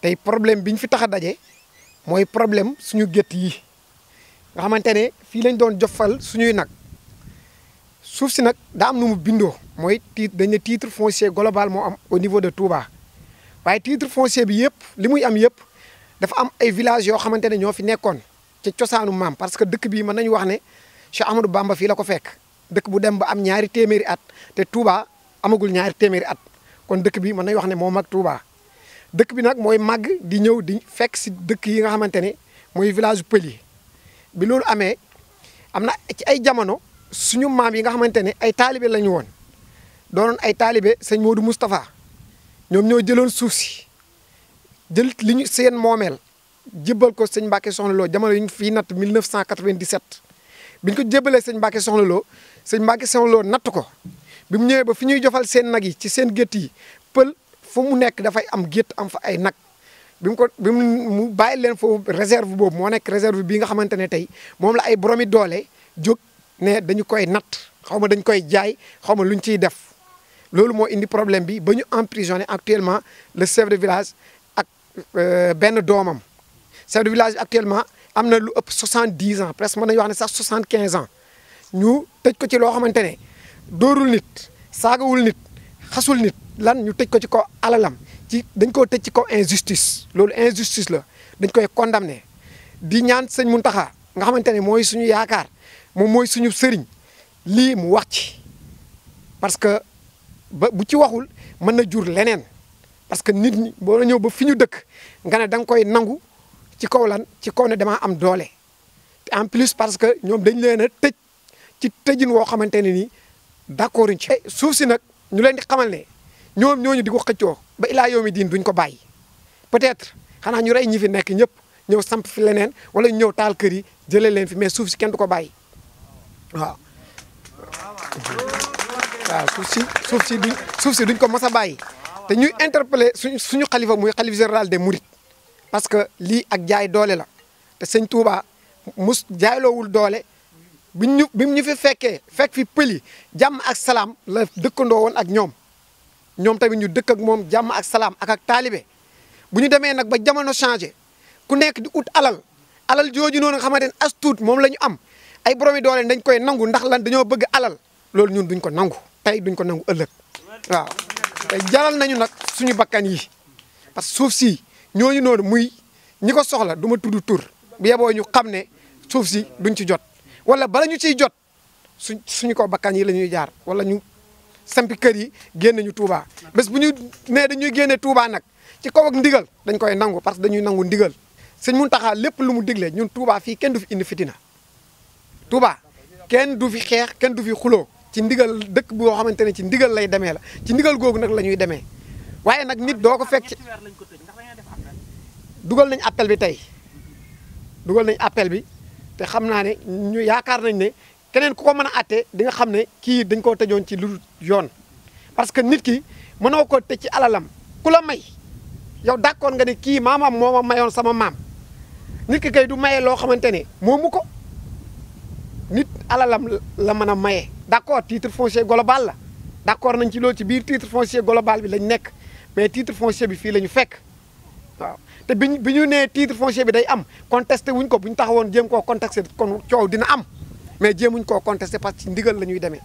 tey problème bi ñu fi tax a daje mooy problème suñu gétt yi nga xamante ne fii lañ doon jofal suñuy nag suuf si nag daa am nu mu bindoo mooy titre dañ ne titre foncier global moo am au niveau de Touba waaye titre foncier bi yëpp li muy am yëpp dafa am ay villages yoo xamante ne ñoo fi nekkoon ci cosaanu maam parce que dëkk bii mën nañu wax ne Cheikh Amadou bàmba fii la ko fekk dëkk bu dem ba am ñaari téeméeri at te Touba amagul ñaari téeméeri at kon dëkk bi mën nañu wax ne moo mag dëkk bi nag mooy màgg di ñëw di fekk si dëkk yi nga xamante ne mooy village pël yi bi loolu amee am na ci ay jamono suñu maam yi nga xamante ne ay taalibe lañu ñu woon doonoon ay taalibe sëñ Modou Moustapha ñoom ñoo jëloon suuf si jël li ñu seen moomeel jébbal ko sëñ Mbacke Soxna loo jamono yi ñu fiy natt 1997 bi ñu ko jébbalee sëñ Mbacke sëñ Mbacke Soxna natt ko bi mu ñëwee ba fi ñuy jofal seen nag yi ci seen gétt yi pël. fu mu nekk dafay am gétt am fa ay nag bi mu ko bi mu bàyyi leen foofu réserve boobu moo nekk réserve bii nga xamante ne tey moom la ay boromi doole jóg ne dañu koy natt xaw ma dañu koy jaay xaw ma lu ñu ciy def loolu moo indi problème bi ba ñu emprisonné actuellement le chef de village ak euh, benn doomam chef de village actuellement am na lu ëpp soixante-dix ans presque mën na wax ne sax soixante-quinze ans ñu tëj ko ci loo xamante ne dóorul nit saagawul nit xasul nit lan ñu tëj ko ci kaw alalam ci dañ koo tëj ci kaw injustice loolu injustice la dañ koy condamné di ñaan sëñ Muntaxa nga xamante ne mooy suñu yaakaar moom mooy suñu sëriñ lii mu wax ci parce que ba bu ci waxul mën na jur leneen parce que nit ñi boo la ñëw ba fi ñu dëkk nga ne da nga koy nangu ci kaw lan ci kaw ne damaa am doole en plus parce que ñoom dañ leen a tëj ci tëjin woo xamante ne nii d'accord ci suuf si nag ñu leen di xamal ne ñoom ñooñu di ko xëccoo ba ilaa yow mi diin duñ ko bàyyi peut-être xanaa ñu rey ñi fi nekk ñëpp ñëw samp fi leneen wala ñu ñëw taal kër yi jëlee leen fi mais suuf si kenn ko bàyyi waaw. suuf si suuf duñ suuf si duñ ko mos a bàyyi te ñuy interpeller suñu suñu xalifa muy xalif général de Mourides parce que lii ak jaay doole la te sëñ Touba mus jaayloowul doole biñ ñu bi ñu fi fekkee fekk fi pëli yi jàmm ak salaam la dëkkandoo woon ak ñoom ñoom tamit ñu dëkk ak moom jàmm ak salaam ak ak taalibe bu ñu demee nag ba jamono changé ku nekk di ut alal alal jooju noonu nga xamante ne as tuut moom la ñu am ay boromi doole dañ koy nangu ndax lan dañoo bëgg alal loolu ñun duñ ko nangu tey duñ ko nangu ëllëg waaw. te jaral nañu nag suñu bakkan yi parce que suuf si ñooñu noonu muy ñu ko soxla du ma tudd tur bu yeboo ñu xam ne suuf si duñ ci jot. wala bala ñu ciy jot suñ suñu ko bakkañ yi la ñuy jaar wala ñu sampi kër yi génne ñu Touba bés bu ñu nee dañuy génne Touba nag ci kaw ak ndigal dañ koy nangu parce que dañuy nangu ndigal sëñ Muntaxa lépp lu mu digle ñun Touba fii kenn du fi indi fitina Touba kenn du fi xeex kenn du fi xuloo ci ndigal dëkk boo xamante ne ci ndigal lay demee la ci ndigal googu nag la ñuy demee waaye nag nit doo ko fekk dugal nañ appel bi tey dugal nañ appel bi te xam naa ne ñu yaakaar nañ ne keneen ku ko mën a àtte di nga xam ne kii dañ koo tëjoon ci lu yoon parce que nit ki mënoo ko tëj ci alalam ku la may yow d'accord nga ne kii maamam moo ma mayoon sama maam nit ki kay du maye loo xamante ne moomu ko nit alalam la mën a maye d'accord titre foncier global la d'accord nañ ci loolu ci biir titre foncier global bi lañ nekk mais titre foncier bi fii la ñu fekk waaw te bi ñu bi ñu nee titre foncier bi day am contesté wuñ ko bu ñu taxawoon jéem koo contesté kon coow dina am mais jéemuñ koo contesté parce que ci ndigal la ñuy demee